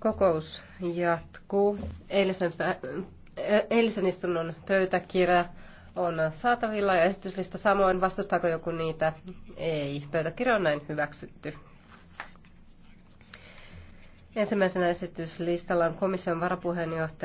Kokous jatkuu. Eilisen, e- eilisen istunnon pöytäkirja on saatavilla ja esityslista samoin. Vastustaako joku niitä? Ei. Pöytäkirja on näin hyväksytty. Ensimmäisenä esityslistalla on komission varapuheenjohtaja.